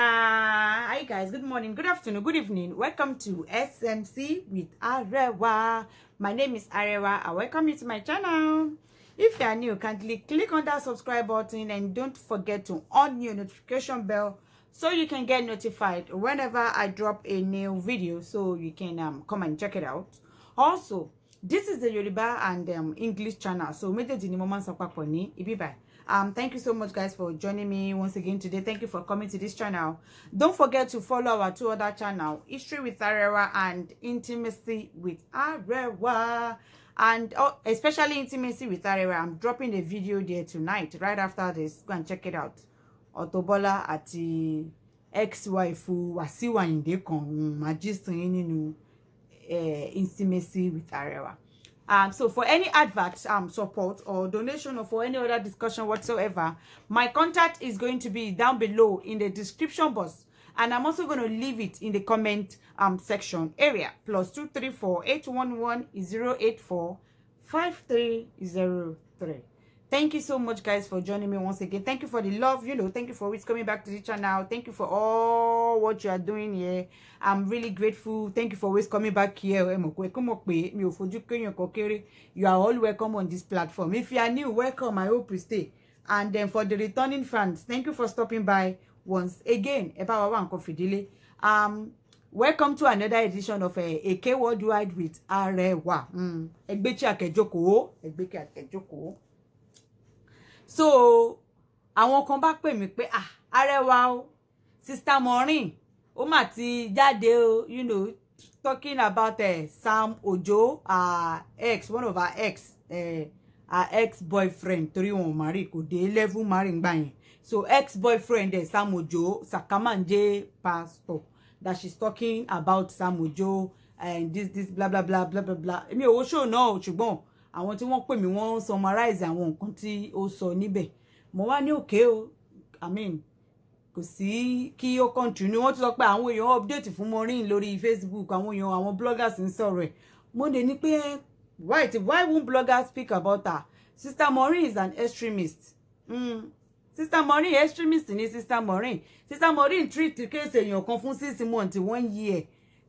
Ah, hi guys good morning good afternoon good evening welcome to smc with arewa my name is arewa i welcome you to my channel if you are new kindly click on that subscribe button and don't forget to on your notification bell so you can get notified whenever i drop a new video so you can um come and check it out also this is the yoruba and um english channel so make the mo máa ń sọ papọ̀ ní ibi báyìí um thank you so much guys for joining me once again today thank you for coming to this channel don't forget to follow our two other channel history with arewa and intimacy with arewa and oh, especially intimacy with arewa i'm dropping a video there tonight right after this go and check it out otobola ati ex-wife wasiwa inde kan magistrin nínú eh, intimacy with arewa Um, so for any advert um, support or donation or for any other discussion whatsoever, my contact is going to be down below in the description box. And I'm also going to leave it in the comment um, section area. Plus 234 811 084 5303 thank you so much guys for joining me once again thank you for the love you know thank you for always coming back to the channel thank you for all what you are doing here i'm really grateful thank you for always coming back here you are all welcome on this platform if you are new welcome i hope you stay and then for the returning fans thank you for stopping by once again um welcome to another edition of uh, eh, AK Worldwide with Arewa mm. egbechi akejoko egbechi akejoko so àwọn kan bá pè mí pé ah arẹwà o sista Maureen ó mà ti jáde o you know talking about uh, Sam Ojo her uh, ex one of her ex uh, her ex boyfriend torí wọn ò marry kò dé level marry ngbà yẹn so ex boyfriend uh, eh, Sam Ojo Sakamanje pastor that she's talking about Sam Ojo and this this blah blah blah blah blah blah èmi ò wo show náà ṣùgbọ́n. No, àwọn tí wọ́n pè mí wọ́n summarize àwọn nǹkan tí ó sọ níbẹ̀ mo wá ní òkè o i mean kò sí kí ó continue wọ́n ti sọ pé àwọn èèyàn update fún Maureen lórí Facebook àwọn èèyàn àwọn bloggers ń sọ̀rọ̀ ẹ̀ mo dé ní pé right why won't bloggers speak about her sister Maureen is an extremist mm. sister Maureen extremist ni sister Maureen sister Maureen treat case èèyàn kan fún six months one year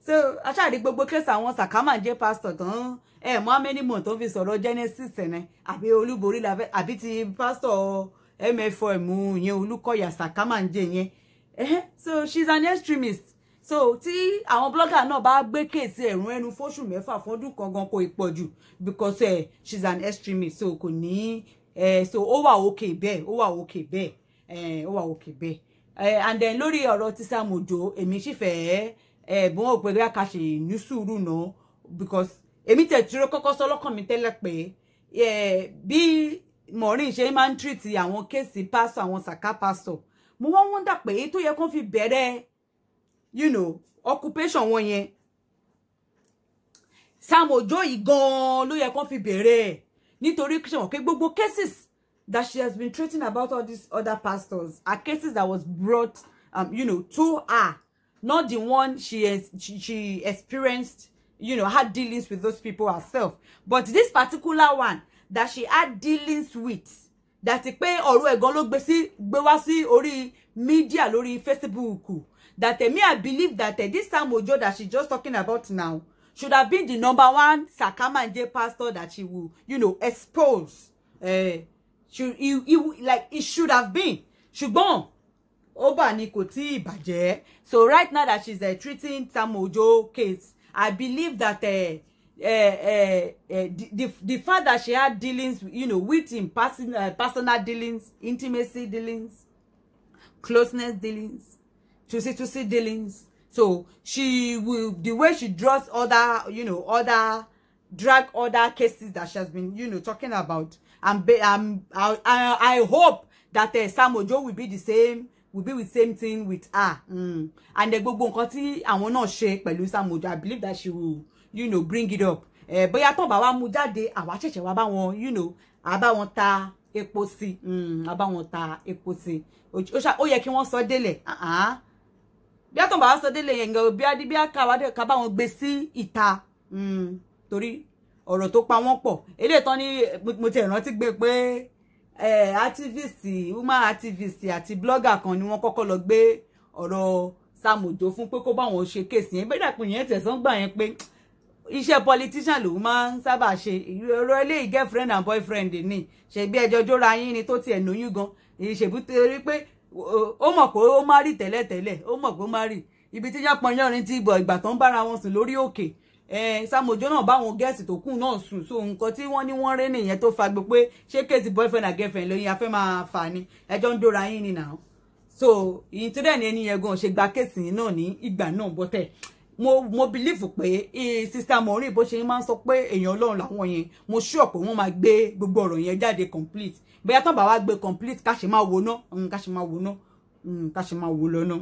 so aṣáàrí gbogbo case àwọn sàkámà jẹ́ pastor tán ẹ mọ amẹni mọ tó fi sọ̀rọ̀ genesis ẹnẹ àbí olúborí la fẹ́ àbí ti pastor mfm yẹn olùkọyà sàkámà ń jẹ yẹn eh so she's an extremist so tí àwọn blogger náà bá gbé kéèsì ẹ̀rún ẹnu fóṣù mẹ́fà fọ́dún kan gan kò ìpọ̀jù because eh, she's an extremist so kò ní eh, so ó wà òkè bẹ́ẹ̀ ó wà òkè bẹ́ẹ̀ eh, ó wà òkè bẹ́ẹ̀ eh, and then lórí ọ̀rọ̀ tí Sam Ojo èmi sì fẹ́ẹ́ ẹ̀bùn òpè rí àkàṣe ní sùúrù náà because èmi tẹ̀ tí ó kọ́kọ́ sọ lọ́kàn mi tẹ́lẹ̀ pé eh, bí Maureen ṣe máa ń treat àwọn kéèsì pastor, àwọn sàká pásọ mo wọ́n wọ́n dà pé èyí tó yẹ kó fi bẹ̀rẹ̀ you know, occupation wọn yẹn Sam Ojo yìí gan-an ló yẹ kó fi bẹ̀rẹ̀ ẹ̀ nítorí kí ṣèwọ̀n pé gbogbo cases that she has been treating about all these other pastors are cases that was brought um, you know, to her not the one she she, experienced you know had dealings with those people herself but this particular one that she had dealings with that pé ọ̀rọ̀ ẹ̀gan ló gbé sí gbé wá sí ori media lórí Facebook that me I believe that eh, this time Ojo that she just talking about now should have been the number one Sakama Sakamanje pastor that she will you know expose uh, should he, he like it should have been ṣùgbọ́n oba ni kò tí ì bàjẹ́ so right now that she's uh, treating Sam case I believe that uh, uh, uh, uh, the, the, the fact that she had dealings you know with him person, uh, personal dealings intimacy dealings closeness dealings tusi-tusi dealings so she will the way she draws other you know other drag other cases that she has been you know talking about I'm be, um, I, I, I hope that uh, Sam Ojo will be the same will be with same thing with her mm. and then gbogbo nǹkan tí àwọn náà ṣe pẹ̀lú Sam Ojo i believe that she will you know, bring it up eh, bóyá tó bá wa mú jáde àwa ṣẹ̀ṣẹ̀ wa bá wọn you know, àbá wọn ta epo sí mm, àbá wọn ta epo sí ó yẹ kí wọ́n sọ délẹ̀ ah, ah. bí àtọ̀ bá sọ délé yẹn gan bí adébíyá káwádé ká bá wọn gbé sí ìta mm, torí ọ̀rọ̀ tó pa wọ́n pọ̀ eléyìí ni mo ti rántí gbé pé eh, activist woman activist àti blogger kan ni wọ́n kọ́kọ́ lọ gbé ọ̀rọ̀ Sam Ojo fún pé kó báwọn ṣe kéèsì yẹn bẹ́ẹ̀ dàpọ̀ yẹn tẹ̀sán gbà yẹn pé iṣẹ́ politician lòun máa ń sábà ṣe ọ̀rọ̀ eléyìí girlfriend and boyfriend ni ṣebí ẹjọ́ jóra yín ni tó tiẹ̀ lóyún gan ìṣèbí torí pé ó mọ̀ pé ó má rí tẹ́lẹ̀tẹ́lẹ̀ ó mọ̀ pé ó má rí ibi tí yẹn pọn yẹn rìn ti gbọ̀ ìgbà tó ń bára wọn sùn lórí òkè Sam Ojo náà báwọn gẹ́ẹ̀sì tó kù náà sùn so nǹkan tí wọ́n ní wọ́n rẹ́ nìyẹn tó fagbe pé ṣé kéèsì boyfriend and girlfriend lóyún afẹ́ máa fà ní ẹjọ́ ń dóra yín nìyà so ìyìn tó dẹ̀ ní ẹni yẹn gan ṣe gba kéèsì náà ní ìgbà náà bọ́tẹ̀ mo mo bìlífù pé sista Maureen bó ṣe máa ń sọ pé èèyàn ọlọ́run làwọn yẹn mo ṣúọ̀ pé wọ́n máa gbé gbogbo ọ̀rọ̀ yẹn jáde complete bóyá tán bá wá gbé complete ká ṣe máa wo ná ká ṣe máa wo ná ká ṣe máa wo lọ́nà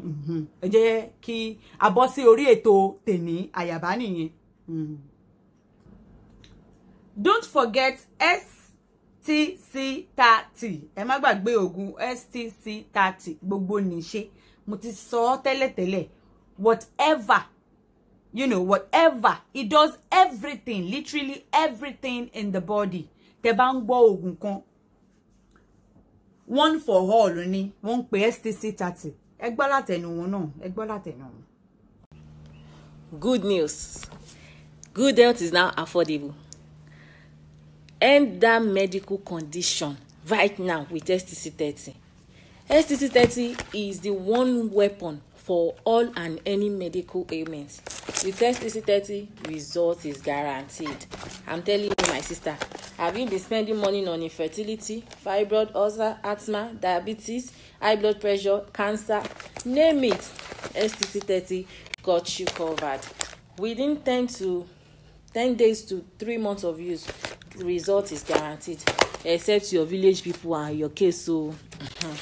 ẹ jẹ́ kí a bọ́ sí orí ètò tèmi àyàbá nìyẹn Mm. Don't forget STC30. Ẹ má gbàgbé oògùn STC30 gbogbo nìṣe. Mo ti sọ tele tele. Whatever, you know, whatever, it does everything, literally everything in the body. Te bá ń gbọ́ kan. One for all ni wọ́n ń pè STC30. Ẹ gbọ́ látẹnu wọn náà. Ẹ gbọ́ látẹnu Good news. Good health is now affordable. End that medical condition right now with STC 30. STC 30 is the one weapon for all and any medical ailments. With STC 30, result is guaranteed. I'm telling you, my sister, have you been spending money on infertility, fibroid, ulcer, asthma, diabetes, high blood pressure, cancer? Name it. STC 30 got you covered. Within 10 to ten days to three months of use result is guaranteed except your village people and your case So, uh-huh.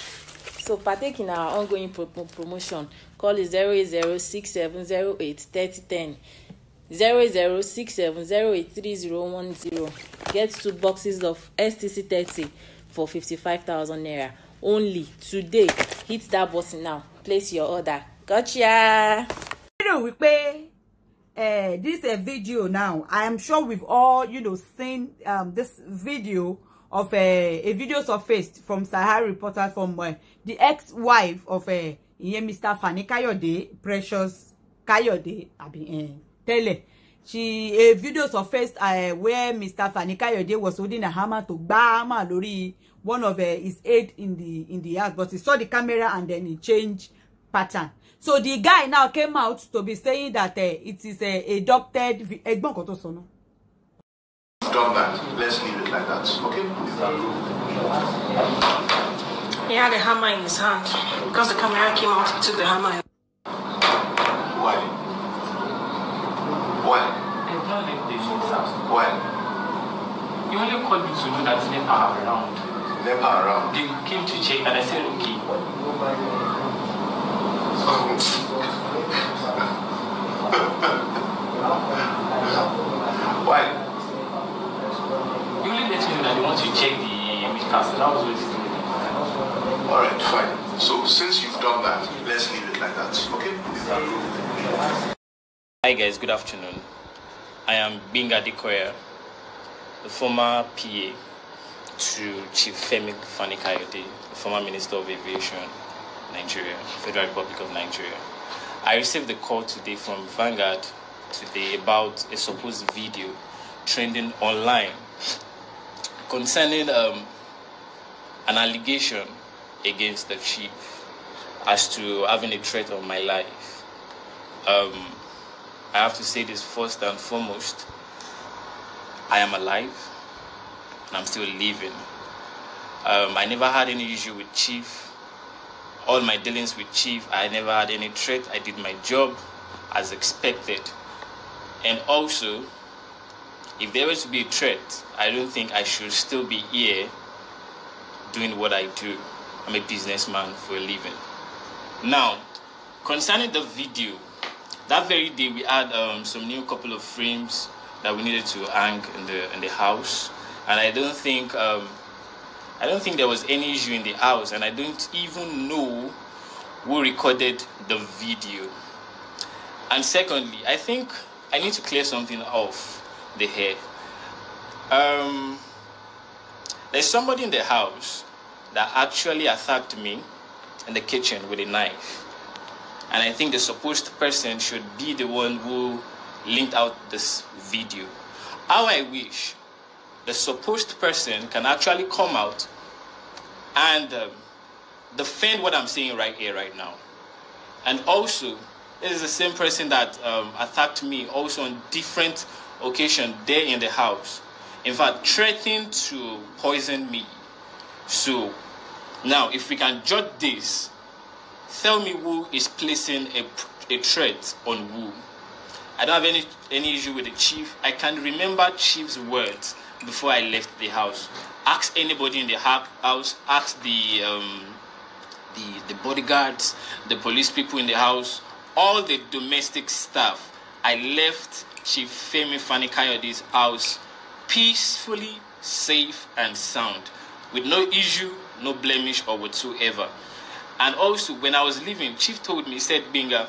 so partake in our ongoing pro pro promotion call is zero eight zero six seven zero eight thirty ten zero eight zero six seven zero eight three zero one zero get two boxes of stc thirty for fifty-five thousand naira only today hit that button now place your order gotcha. lérò wípé uh, this a uh, video now. I am sure we've all, you know, seen um, this video of uh, a video surfaced from Sahara reporter from uh, the ex-wife of a uh, Mr. Fani Kayode, Precious Kayode, mean, uh, Tele. She a video surfaced uh, where Mr. Fani Kayode was holding a hammer to bama lori one of uh, his aide in the in the house, but he saw the camera and then he changed pattern. so the guy now came out to be saying that uh, it is eh, a uh, adopted ẹ̀gbọ́n done that let's leave it like that okay. he had a hammer in his hand because the camera came out took the hammer. why why why. He only called me to know that Nepa around. Nepa around. They came to check and I said okay. Why? You only let me know that you want to check the midcast. That was what Alright, fine. So since you've done that, let's leave it like that. Okay? Hi guys, good afternoon. I am Binga Dikoya, the former PA to Chief Femi Fani Coyote, the former Minister of Aviation. Nigeria, Federal Republic of Nigeria. I received a call today from Vanguard today about a supposed video trending online concerning um, an allegation against the chief as to having a threat on my life. Um, I have to say this first and foremost I am alive and I'm still living. Um, I never had any issue with chief all my dealings with chief i never had any threat i did my job as expected and also if there was to be a threat i don't think i should still be here doing what i do i'm a businessman for a living now concerning the video that very day we had um, some new couple of frames that we needed to hang in the in the house and i don't think um, I don't think there was any issue in the house, and I don't even know who recorded the video. And secondly, I think I need to clear something off the hair. Um, there's somebody in the house that actually attacked me in the kitchen with a knife. And I think the supposed person should be the one who linked out this video. How I wish the supposed person can actually come out and um, defend what I'm saying right here, right now. And also, it is the same person that um, attacked me also on different occasions there in the house. In fact, threatened to poison me. So, now if we can judge this, tell me who is placing a, a threat on who. I don't have any, any issue with the chief. I can remember chief's words before I left the house. Ask anybody in the house, ask the, um, the, the bodyguards, the police people in the house, all the domestic staff. I left Chief Femi Fani Kayode's house peacefully, safe, and sound with no issue, no blemish, or whatsoever. And also, when I was leaving, Chief told me, he said, Binga,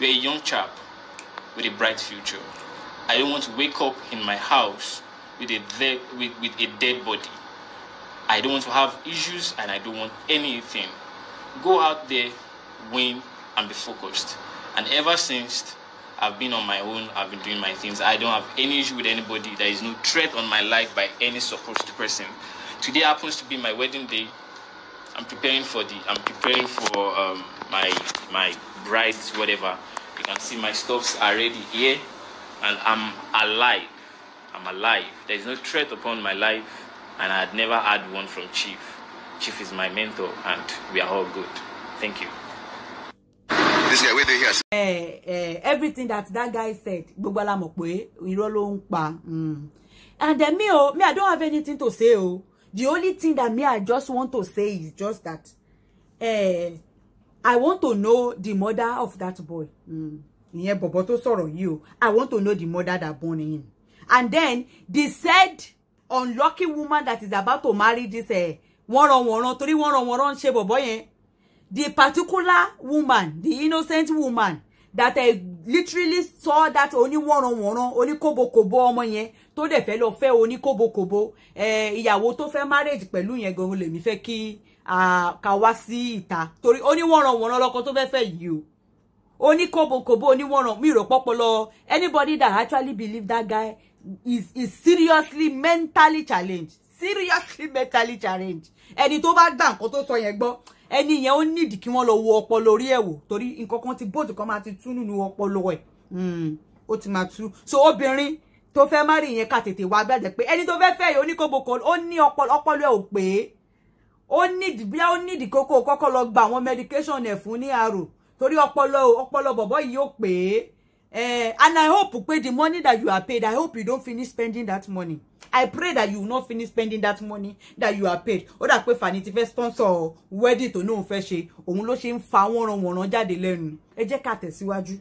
you're a young chap with a bright future. I don't want to wake up in my house with a de- with, with a dead body. I don't want to have issues and I don't want anything. Go out there, win, and be focused. And ever since I've been on my own, I've been doing my things. I don't have any issue with anybody. There is no threat on my life by any supposed person. Today happens to be my wedding day. I'm preparing for the. I'm preparing for um, my my brides, whatever. You can see my stuffs are ready here, and I'm alive. I'm alive. There is no threat upon my life, and I had never had one from Chief. Chief is my mentor, and we are all good. Thank you. This guy, wait till he Eh, eh, everything that that guy said, gbogbo mokwe, mọ̀ pé hmm. And then me, oh, me, I don't have anything to say. Oh, the only thing that me, I just want to say is just that. Eh, I want to know the mother of that boy. Mm. Ìyẹn but tó sọ̀rọ̀ you. Oh. I want to know the mother that born him and then the said unlucky woman that is about to marry this uh, eh, wọ́nranwọ̀nran torí wọ́nranwọ̀nran ṣe bọ̀bọ̀ yẹn the particular woman the innocent woman that I eh, literally saw that only only one one on on oníwọ̀nranwọ̀nran oníkóbokòbo ọmọ yẹn tó dẹ̀ fẹ́ lọ fẹ́ oníkóbokòbo eh, ìyàwó to fẹ́ marriage go pẹ̀lú yẹn gan-an lèmi fẹ́ only one on one ìta torí oníwọ̀nranwọ̀nran lọ́kọ tó fẹ́ fẹ́ yìí o oníkóbokòbo oníwọ̀nran mi rò pọ́pọ́ lọ anybody that actually believe that guy is is seriously mentally challenged seriously mentally challenged ẹni tó bá gbà nǹkan tó sọ yẹn gbọ́ ẹni yẹn ó nídìí kí wọ́n lọ wo ọpọlọ orí ẹ̀ wò torí nǹkan kan ti bóòtù kan máa ti tú nínú ọpọlọ ẹ̀ hmm, ó ti máa tú so obìnrin tó fẹ́ má rí yẹn ká tètè wá gbàdẹ pé ẹni tó fẹ́ fẹ́ yìí oníkóboko ó ní ọpọlọ ọpọlọ ẹ̀ ò pé ó nídìí bí ó nídìí kókó kọ́kọ́ lọ gba àwọn medication ẹ̀ fún ní àrò torí ọpọlọ ọpọlọ bọ̀bọ̀ yìí ó pé Uh, and I hope pay the money that you are paid. I hope you don't finish spending that money. I pray that you will not finish spending that money that you are paid. Ó dà pé Fani ti sponsor wedding to náà fẹ́ ṣe. Òun ló ṣe ń fa wọ́nranwọ̀nran jáde lẹ́nu. Ẹ jẹ́ ká tẹ̀síwájú.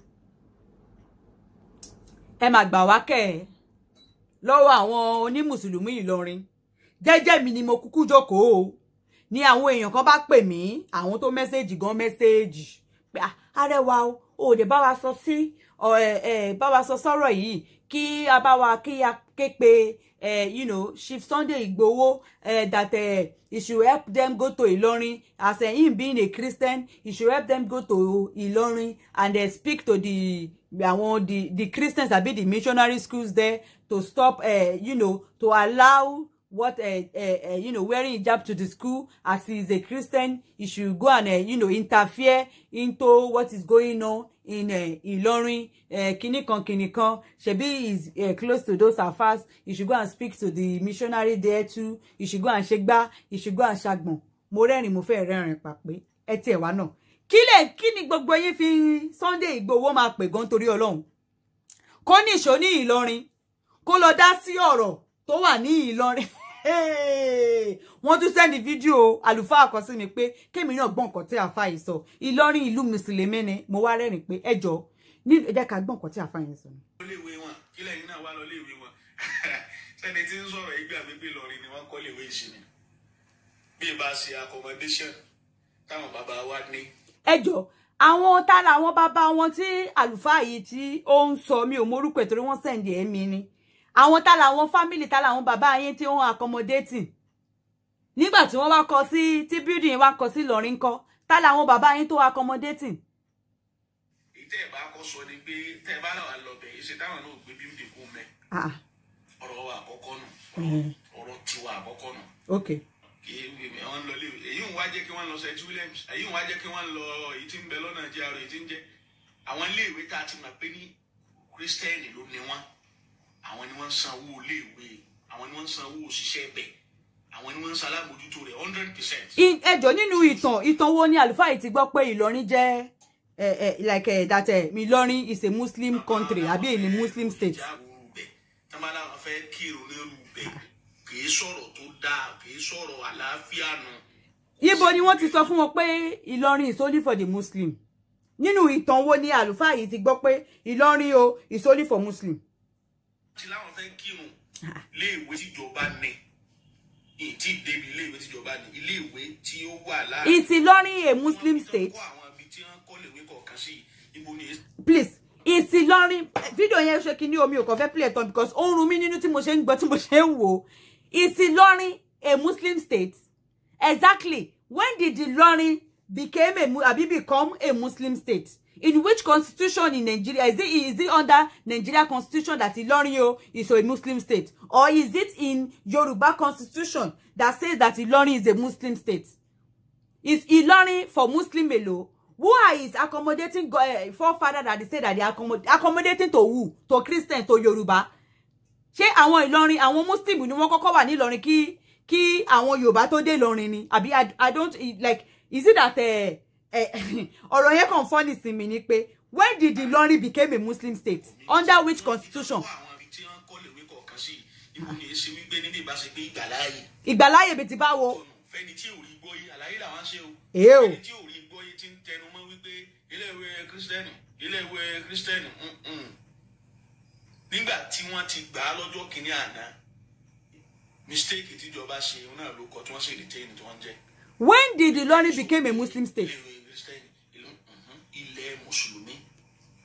Ẹ máa gbà wá kẹ́ ẹ̀ lọ́wọ́ àwọn onímùsùlùmí Ìlọrin. Jẹ́jẹ́ mi ni mo kúkú jókòó o. Ni àwọn èèyàn kan bá pè mí, àwọn tó mẹ́sẹ̀jì gan mẹ́sẹ̀jì. Pé àrẹwà ah, o, òde bá wa sọ sí Eh, eh, bá wa sọ sọ́rọ̀ yìí kí a bá wa kí a ké pe eh, you know shift Sunday Igboho that it should help them go to Ilorin as him being a Christian it should help them go to Ilorin and uh, speak to the àwọn the the Christians àbí the missionary schools there to stop uh, you know to allow what uh, uh, uh, you know wearing hijab to the school as he is a Christian he should go and uh, you know interfere into what is going on Eh, Ìlọrin eh, kìnnì kan Kinikon. kan ṣebí is uh, close to those affairs. you should go and speak to the missionary there too you should go and ṣègbà you should go and ṣàgbọ̀n mo rẹ́rìn mo fe rẹ́rìn pàpé ẹ tiẹ̀ wá náà kí lè kí gbogbo yín fi Sunday Igboho máa pè gan torí Ọlọ́run kó níṣó ní Ìlọrin kó lọ dá sí ọ̀rọ̀ tó wà ní Ìlọrin. wọ́n tún sẹ́ndì fídíò àlùfáà kan sí mi pé kémi náà gbọ́n nǹkan tí àfa yìí sọ ìlọrin ìlú mùsùlùmí ni mo wá rẹ́rìn pé ẹ jọ ní ẹ jẹ́ ká gbọ́n nǹkan tí àfa yìí sọ. lọ́lẹ́wé wọn kílẹ̀ yín náà wá lọ́lẹ́wé wọn sẹ́ni tí ń sọ̀rọ̀ ìgbà bíbí lọ́rin ni wọ́n kọ́ lèwe ìsinmi bí bá ṣe accommodation táwọn bàbá wa ní. ẹ jọ àwọn tára àwọn bàbá wọn tí àlùfáà yìí tí ó ń sọ mi ò mọ orúkọ ẹ torí wọ́n sẹǹdì ni àwọn tá làwọn fámìlì tá làwọn bàbá yín tí wọ́n accommodating nígbà tí wọ́n wá kọ sí tí building wá kọ sí Ìlọrin ńkọ́ tá làwọn bàbá yín tó accommodating. ìtẹ́ ẹ̀ bá kọ́ sọ ni pé tẹ́ ẹ bá náà lọ bẹ̀ ṣe táwọn náà gbé building kó mẹ́ ah. ọ̀rọ̀ wa àkọ́kọ́ nù ọ̀rọ̀ tiwa àkọ́kọ́ nù. okay èyí ń wá kí wọ́n lọ St Williams èyí ń wá kí wọ́n lọ èyí àwọn ni wọ́n san owó iléèwé àwọn ni wọ́n ń san owó òṣìṣẹ́ bẹ̀ àwọn ni wọ́n san alábòjútó rẹ̀ hundred percent. ẹjọ́ nínú ìtàn ìtàn wo ni àlùfáà yìí ti gbọ́ pé Ìlọrin jẹ́ like that uh, Ìlọrin is a Muslim country àbí a Muslim state. tọ́mọ́lá wọn fẹ́ kírun ní olú bẹ̀ kì í sọ̀rọ̀ tó dáa kì í sọ̀rọ̀ àlàáfíà nù. ibo ni wọ́n ti sọ fún wọn pé Ìlọrin is only for the Muslim nínú ìtàn wo ni àlùfáà yìí ti gbọ́ pé Ìlọrin o is only for Muslim ti láwọn fẹ́ kírun ah. iléèwé tíjọba ní ìtì débi iléèwé tíjọba ní iléèwé tí ó wà láàrin. Is a Muslim state? Please ìsì lọrin fídíò yẹn ṣe kíní omi ò kàn fẹ́ play tán because ó ń run mí nínú tí mo ṣe ń gbọ́ tí mo ṣe ń wò ìsì a muslim state exactly when did Ìlọrin became a abi become a muslim state in which constitution in Nigeria is it is it under Nigeria constitution that Ilorin o is a Muslim state or is it in Yoruba constitution that says that Ilorin is a Muslim state is Ilorin for Muslim alone who is accommodating uh, forefather that they say that they are accommod accommodating to who to Christian to Yoruba ṣé àwọn Ìlọrin àwọn Muslim ni wọ́n kọ́kọ́ wà ní Ìlọrin kí kí àwọn Yorùbá tó dé Ìlọrin ni àbí I, I don't like is it that uh, Eh, ọ̀rọ̀ yẹn kàn fọ́nì sí mi ni pé when did the Ilorin became a Muslim state under which constitution. ìgbàláyè bí ti bá wo. fẹni tí ò rí gbóyè àlàyé làwọn ṣe o fẹni tí ò rí gbóyè ti ń tẹnu mọ́ wípé iléèwé kristẹni iléèwé kristẹni nígbà tí wọ́n ti gbà á lọ́jọ́ kìíní àná mistake tíjọba ṣe náà ló kọ tí wọ́n sì retain tí wọ́n jẹ́. When did the Ilorin became a Muslim state? kristẹni mm-hmm. ilẹ̀ mùsùlùmí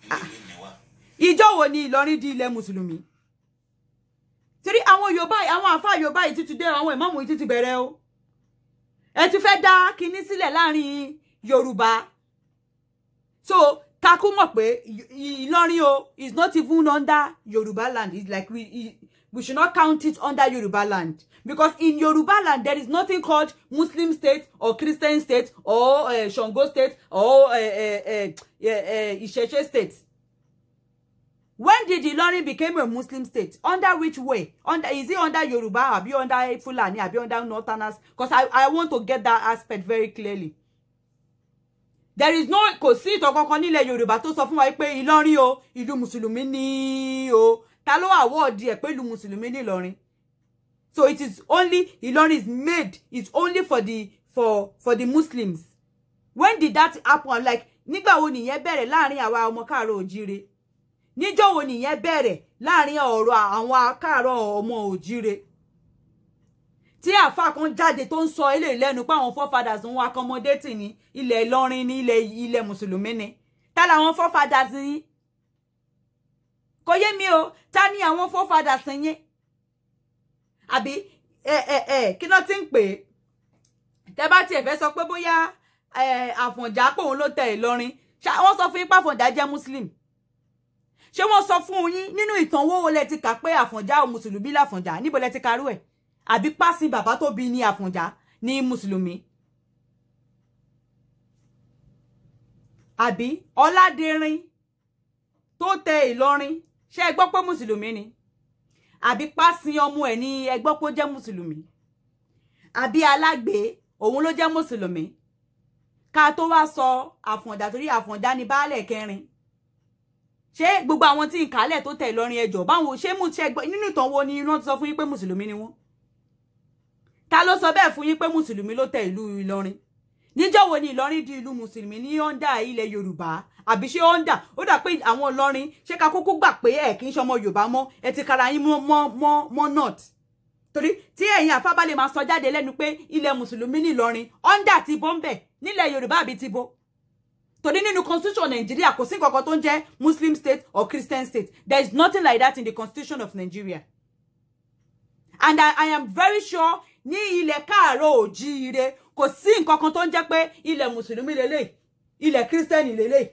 ilé ah. nìwa. ìjọ wo ni Ìlọrin di ilẹ̀ mùsùlùmí torí àwọn Yorùbá àwọn àfáà Yorùbá yìí ti ti dé àwọn ìmáàmù yìí ti ti bẹ̀rẹ̀ o ẹ ti fẹ́ dá kinní sílẹ̀ láàrin Yorùbá so takú mọ̀ pé Ìlọrin o is not even under Yorùbá land it's like we we should not count it under Yoruba land. Because in Yoruba land, there is nothing called Muslim state or Christian state or uh, eh, Shango state or uh, uh, uh, uh, uh, state. When did Ilori became a Muslim state? Under which way? Under is it under Yoruba? you under Fulani? you under Northerners? Because I, I want to get that aspect very clearly. There is no kò sí ìtàn kankan nílẹ̀ Yorùbá tó sọ fún wa pé Ìlọrin o ìlú Mùsùlùmí o ta ló àwọ́ọ̀dì ẹ̀ pẹ̀lú mùsùlùmí ní so it is only Ìlọrin is made it's only for the for for the Muslims when did that happen like nígbà wo nìyẹn bẹ̀rẹ̀ láàrin àwa ọmọ káàárọ̀ òjíire níjọ́ wo nìyẹn bẹ̀rẹ̀ láàrin ọ̀rọ̀ àwọn káàárọ̀ ọmọ òjíire tí àfa kan jáde tó ń sọ eléyìí lẹ́nu pé àwọn forefathers ń wá accommodate ni ilẹ̀ Ìlọrin ní ilẹ̀ ilẹ̀ mùsùlùmí ni tá làwọn forefathers yìí kò yé mi o ta ni àwọn forefathers yẹn àbí ẹ ẹ ẹ kí náà ti ń pè é tẹ bá tiẹ̀ fẹ́ sọ pé bóyá àfọ̀njá pòun ló tẹ Ìlọrin wọ́n sọ fún yín pé àfọ̀njá jẹ́ muslim ṣé wọ́n sọ fún yín nínú ìtàn wo lẹ ti kà pé àfọ̀njá ò mùsùlùmí láfọ̀njá níbo lẹ ti karú ẹ̀ àbí pàṣẹ bàbá tó bí ní àfọ̀njá ní mùsùlùmí àbí ọládẹrin tó tẹ Ìlọrin ṣé ẹ gbọ́ pé mùsùlùmí ni àbí pásin ọmọ ẹ̀ ni ẹ gbọ́ pé ó jẹ́ mùsùlùmí àbí alágbè òun ló jẹ́ mùsùlùmí ká tó wá sọ àfọ̀ǹdà torí àfọ̀ǹdà ni baálẹ̀ kẹrin ṣé gbogbo àwọn tí ń kálẹ̀ tó tẹ̀ lọ́rin ẹjọ́ báwọn ṣé mú ṣe gbọ́ nínú ìtàn wo ni wọ́n ti sọ fún yín pé mùsùlùmí ni wọ́n ta ló sọ bẹ́ẹ̀ fún yín pé mùsùlùmí ló tẹ̀ ìlú Ìlọrin níjọ́ wo ni Ìlọrin di ìlú mùsùlùmí ní ọ́ndà ilẹ̀ Yorùbá àbí ṣé ọ́ndà ó dà pé àwọn Ìlọrin ṣé ká kúkú gbà pé ẹ̀ kì í ṣọmọ Yorùbá mọ́ ẹ ti kara yín mọ́ mọ́ mọ́ mọ́ north torí tí ẹ̀yin àfábá lè máa sọ jáde lẹ́nu pé ilẹ̀ mùsùlùmí ní Ìlọrin ọ́ndà ti bó ń bẹ̀ nílẹ̀ Yorùbá àbí ti bó torí nínú constitution Nàìjíríà kò sí nǹkan tó ń jẹ́ Muslim state or Christian state there is nothing like that in the constitution of Nigeria and I, I am very sure ní ilẹ̀ káàárọ̀ òjíire kò sí nǹkan kan tó ń jẹ́ pé ilẹ̀ mùsùlùmí lélẹ̀ ilẹ̀ kírísítẹ́nì lélẹ̀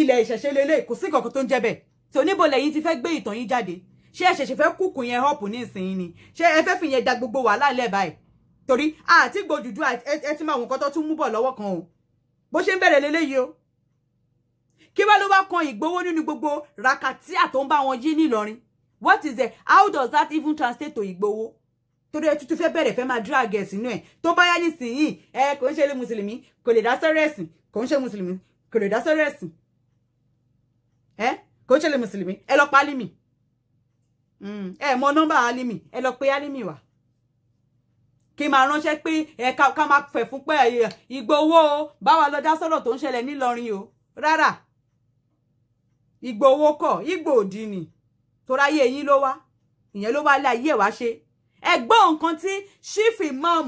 ilẹ̀ ìṣẹ̀ṣe lélẹ̀ kò sí nǹkan kan tó ń jẹ́ bẹ́ẹ̀ tí oníbo lẹ́yìn ti fẹ́ gbé ìtàn yín jáde ṣé ẹ ṣẹ̀ṣẹ̀ fẹ́ kúkùn yẹn họ́ọ̀pù nísìnyí ni ṣé ẹ fẹ́ fìyẹn da gbogbo wàhálà lẹ̀ báyìí torí àti gbòjùjú ẹ ti máa wọn nǹkan tó tún mú bọ̀ lọ́wọ́ kan o bó ṣe ń bẹ̀rẹ̀ lélẹ́yìí o kí wá ló wá kan Ìgbòho nínú gbogbo rakatíà tó ń bá wọn yí nílọrin what is it how does that even translate to Ìgbòho torí ẹ tuntun fẹ́ bẹ̀rẹ̀ fẹ́ máa drag ẹ̀ sínú ẹ̀ tó bá yá nísìnyí ẹ kò ń ṣe ilé mùsùlùmí kò lè dá sọ́rọ̀ ẹ̀sìn kò ń ṣe mùsùlùmí kò lè dá sọ́rọ̀ ẹ̀sìn ẹ kò ń ṣe ilé mùsùlùmí ẹ lọ pa álímì hmm, ẹ mọ nọ́mbà álímì ẹ lọ pe álímì wá kí máa ránṣẹ́ pé ẹ ká máa fẹ̀ fún pé Ìgbòho báwa lọ dá sọ́rọ̀ tó ń ṣẹlẹ̀ nílọrin o rárá Ìgbòho kọ Ìgbò òdì ni toráyé yín ló wá ìyẹn ló wá lé ayé ẹ̀ wá ṣe ẹgbẹ́ nǹkan tí chief imam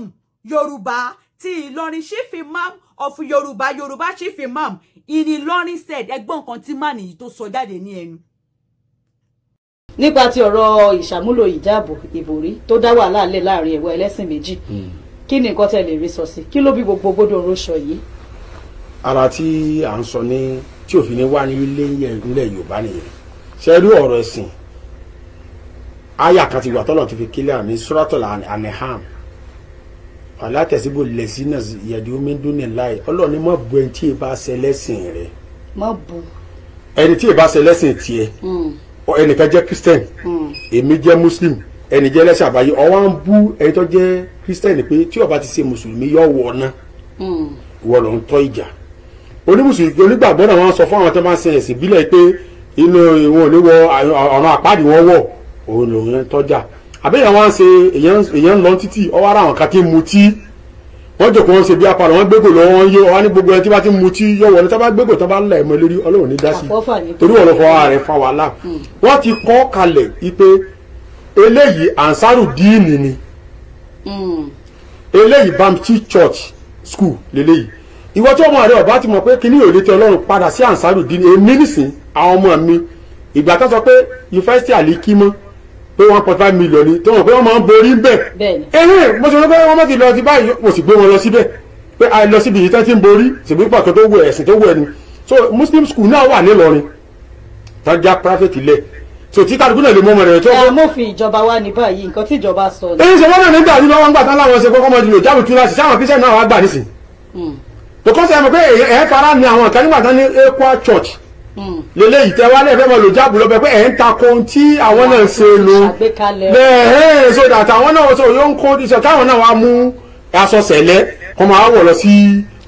yorùbá ti ìlọrin chief imam of yorùbá yorùbá chief imam in ìlọrin said ẹgbẹ́ nǹkan tí màní yìí tó sọ jáde ní ẹnu. nípa ti ọ̀rọ̀ ìṣàmúlò ìjáàbò ìbòrí tó dá wàhálà lẹ̀ láàrin ẹ̀wọ̀ ẹlẹ́sìn méjì hmm. kí ni nǹkan tẹ́ lè rí sọ sí kí ló bí gbogbo gbódò rọṣọ yìí. ara tí à ń sọ ní tí òfin wá ní ilé ilẹ̀ yorùbá nìyẹn ṣe ọ̀rọ̀ ẹ̀sìn aya kan ti wà tọ́lọ̀ ti fi kílẹ̀ àmì suratul aniham alátẹ̀síbò lẹ́sìnà yẹ̀dí láì ọlọ́run ni mọ̀ bu ẹni tí ì bá ṣe lẹ́sìn rẹ̀. mọ̀ bu. ẹni tí ì bá ṣe lẹ́sìn tiẹ̀ hmm. ẹnìkan jẹ́ christian hmm. èmi jẹ́ muslim ẹnì jẹ́ lẹ́sìn àbáyé ọwọ́ ń bú ẹni tó jẹ́ christian pé tí ó bá ti ṣe mùsùlùmí yọ wọ̀ ná hmm. wọ́n lọ ń tọ́ ìjà onímùsùlùmí onígbàgbọ́ náà wọ́n sọ fún àwọn tó máa ṣe ẹ̀sìn bílẹ̀ pé inú wọn ò òun lòun yẹn tọ́jà àbí èèyàn wá ń ṣe èèyàn ń lọ títì ọwọ́ ara àwọn kan ti mu tí wọ́n jòkó wọn ṣe bí apalọ̀ wọ́n gbégbò lọ́wọ́ wọn yé wọn ní gbogbo ẹni tí bá ti mu tí yọ wọlé tí wọ́n bá gbégbò tí wọ́n bá lẹ̀ mọ́ ọlọ́run ní dásí torí wọn lọ fọwọ́ rẹ̀ fa wàhálà hmm. wọ́n ti kọ́ kalẹ̀ wípé eléyìí ansaru díìnì ni hmm. eléyìí bamchi church school lélẹ́yìí ìwọ tí ọmọ rẹ ọba ti mọ̀ pé kíní ò lè tẹ ọlọ́run padà sí ansaru díìnì èmi nìsín àwọn ọmọ mi ìgbà tó sọ pé yunifásitì àlékí mọ́ tó one point five million ni tí wọn pé wọn máa ń borí ń bẹ ẹhìn mo ṣe ló pé wọn má ti lọ ti báyìí mo sì gbé wọn lọ síbẹ̀ pé a lọ síbi yìí tán ti ń borí ṣèbí pàtó tó wù ẹ̀sìn tó wù ẹni so muslim school náà wà nílọrin tọ́jà private ilẹ̀ so tí kálukú náà lè mú ọmọ rẹ̀ tó. ẹ mo fi ìjọba wa ní báyìí nǹkan tí ìjọba sọ. èyí ṣe wọ́n náà nígbà tí lọ́wọ́ ń gbà tán láwọn ṣe kọ́kọ́ mọ́jú lò jáàmù tún láti sáwọn kristian náà wàá gbà nísìn. tòkọ́sẹ̀ hmm. mọ̀ pé ẹ̀ẹ́ fara ni àwọn kan nígbà tán ní equa church Hmm. lélẹ́yìí tẹ́ wá lẹ́ẹ̀fẹ́ mọ̀ lò jáàbù lọ bẹ pé ẹ̀ ń takò tí àwọn náà ṣe lò bẹ́ẹ̀ so that àwọn náà sọ yóò ń kó iṣẹ́ táwọn náà wá mú aṣọ sẹ̀lẹ̀ kọ́ máa wọ̀ lọ sí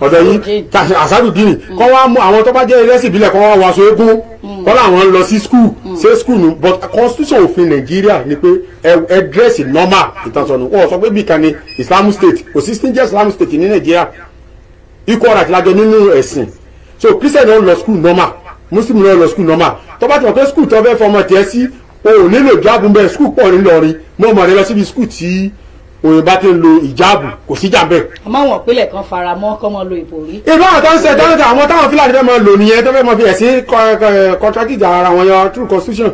ọ̀dọ̀ yìí àṣàdùdìní kọ́ wá mú àwọn tó bá jẹ́ ẹlẹ́sìn ìbílẹ̀ kọ́ wá wọ aṣọ eégún hmm. kọ́ làwọn lọ sí skul hmm. ṣé skul nu but constitution òfin nàìjíríà ni pé ẹ dírẹ́sì normal ìtànsọ̀nù wọ́n sọ pé bí kan ni islamic state kò sí stingy islamic state ní nàìjíríà ikú ọ̀rọ̀ àtìlájọ nínú ẹ̀sìn so christian don lọ skul normal muslim náà lọ skul normal tó bá ti mọ̀ pé skul tó fẹ́ fọmọ tiẹ̀ sí o ò nílò ìjáàbù bẹ́ẹ̀ skul pọ̀ nílọrin mọ́ ọmọ rẹ lọ síbi skul tí òye bá ti ń lo ìjáàbù kò sí jàmbẹ́. àmọ́ àwọn ìpínlẹ̀ kan fara mọ́ kọ́ mọ́ lo ìbòrí. ìbá àwọn tó ń ṣe dáńtà àwọn táwọn fúlàní fẹ́ máa lò nìyẹn tó fẹ́ máa fi ẹ̀sìn kọ́ńtrákìtì ara wọn yan true constitution.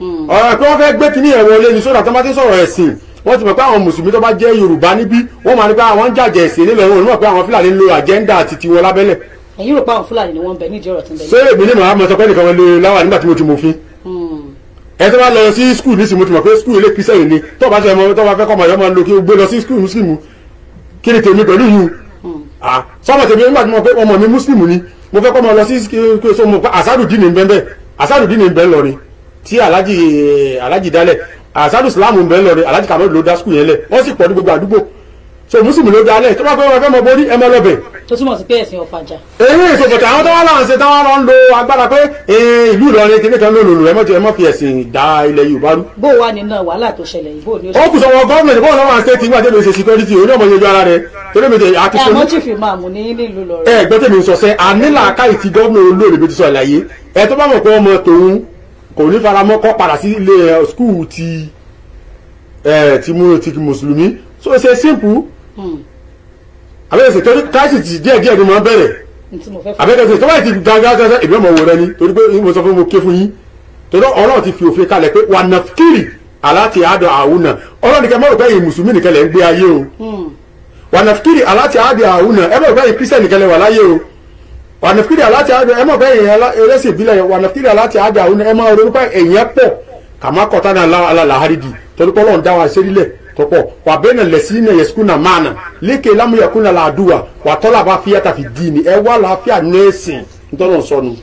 Hmm. ọ̀rọ̀ pé wọ́n fẹ́ gbé kínní ẹ̀rọ olé ní sódà tó bá ti sọ̀rọ̀ ẹ̀sìn wọ́n ti mọ̀ pé àwọn mùsùlùmí tó bá jẹ́ yorùbá níbí wọ́n máa ní pé àwọn ń jàjẹ́ ẹ̀sìn nílẹ̀ wọn ò ní mọ̀ pé àwọn fúlàní lo àjẹ́ńdà àti tiwọn lábẹ́lẹ̀ ẹ̀yin rò pé àwọn fúlàní ni wọ́n ń bẹ nídìí ọ̀rọ̀ tí ń bẹ. sẹ́yìn mi ni màá mọ̀ sọpẹ́ nìkan lè láwà nígbà tí mo ti mọ̀ fín. Hmm. ẹ tó bá lọ sí skul ní sìnmu tí mo pé skul ilé kristian ni tó bá fẹ́ tó bá fẹ́ kọ́ ọmọ yọ máa lo kí o gbé lọ sí skul muslim kí ni tèmi pẹ̀lú yìí hmm. ah, sọmọ tèmi nígbà tí mo pé ọmọ mi muslim ni mo fẹ́ kọ́ ọmọ lọ sí so asadu dín ní asadu dín ní bẹ́ẹ̀ lọ ni tí alájì asadu islam bẹ́ẹ̀ lọ ni alájì kàmọ́ ló dá skul yẹn lẹ̀ wọ́n sì pọ̀ so mùsùlùmí ló dalẹ̀ tó bá gbé wọn fẹ́ mọ borí ẹ mọ lọ́bẹ̀. tó túmọ̀ sí pé ẹ̀sìn ọ̀fàjà. èyí ìṣòkòtò àwọn tó wá láwọn ṣe táwọn lọ ń lo agbára pé eh, ìlú Ìlọrin kìíní kan ló lòlò ẹ mọ̀ ẹ mọ̀ fi ẹ̀sìn da ilẹ̀ Yorùbá rú. bó wà nínú wàhálà tó ṣẹlẹ̀ ìbò ni ó ṣe. ó kù sọ wọn gọ́ọ̀mẹ̀ntì bọ́ọ̀ lọ́wọ́ àṣẹ ti wà débi ṣe security òní ọmọ yẹjọ ara rẹ torí mi tẹ akíkó. àmọ́ chief imam ní nílùú lọ rẹ. ẹ gbọ́dọ̀ mi sọ sẹ́ ànílà káyì ti gọ́ọ̀mù olóòrè mi ti sọ àlàyé ẹ tó bá mọ̀ pé ọmọ tòun kò ní faramọ́ kọ́ padà sí ilé eh, skul eh, ti mùsùlùmí so ṣe simple abẹ́kẹ̀sẹ̀ torí crisis díẹ̀ díẹ̀ ni mo bẹ̀rẹ̀ abẹ́kẹ̀sẹ̀ tó báyìí ti gangan ìbí ọmọ wò rẹ ni torí pé mo sọ fún mo ké fún yín torí ọlọ́run ti fi òfin kalẹ̀ pé wà nàfkiri aláti àádọ́ àwùnà ọlọ́run nìkan mọ̀rọ̀ bẹ́yìn mùsùlùmí nìkan lẹ̀ wà nàfkiri aláti àádọ́ àwùnà ẹ nìkan lẹ̀ wà láyé o wà wà nàfkiri aláti àádọ́ àwùnà ẹ tɔpɔ wa bɛ na lɛsi na yɛsuku na maa na leke lamu yɛku na la aduwa e e wa tɔla ba fiya tafi diini ɛ wa lafiya ne sen n tɔnɔ sɔnu.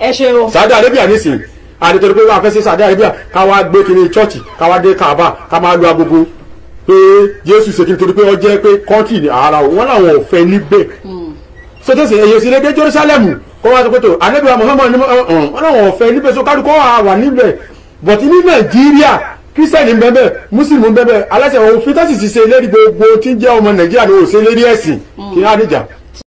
ẹ ṣe o. Saudi Arabia ne sen àdètòdò pé wà fẹ́ ṣe Saudi Arabia ká wa gbé kiri church ká wa dé kaaba ká ma lu agogo pé Jésù ṣèkiri torí pé ó jẹ́ pé kọ́ńtì ni ara o wọn làwọn ò fẹ́ níbẹ̀. Hmm. sotese èyí sì lè dé Jerusalem kó wa sọ pé tó anabiwa Muhammad wọn làwọn ò fẹ́ níbẹ̀ so kálukọ́ wa wà níbẹ̀ but ní Nàìjíríà kírísítẹ́nì bẹ́ẹ̀ mùsùlùmí bẹ́ẹ̀ aláṣẹ òfin tó sì ti se lérí gbogbo tí ń jẹ́ ọmọ nàìjíríà ló ṣe lérí ẹ̀sìn kí n á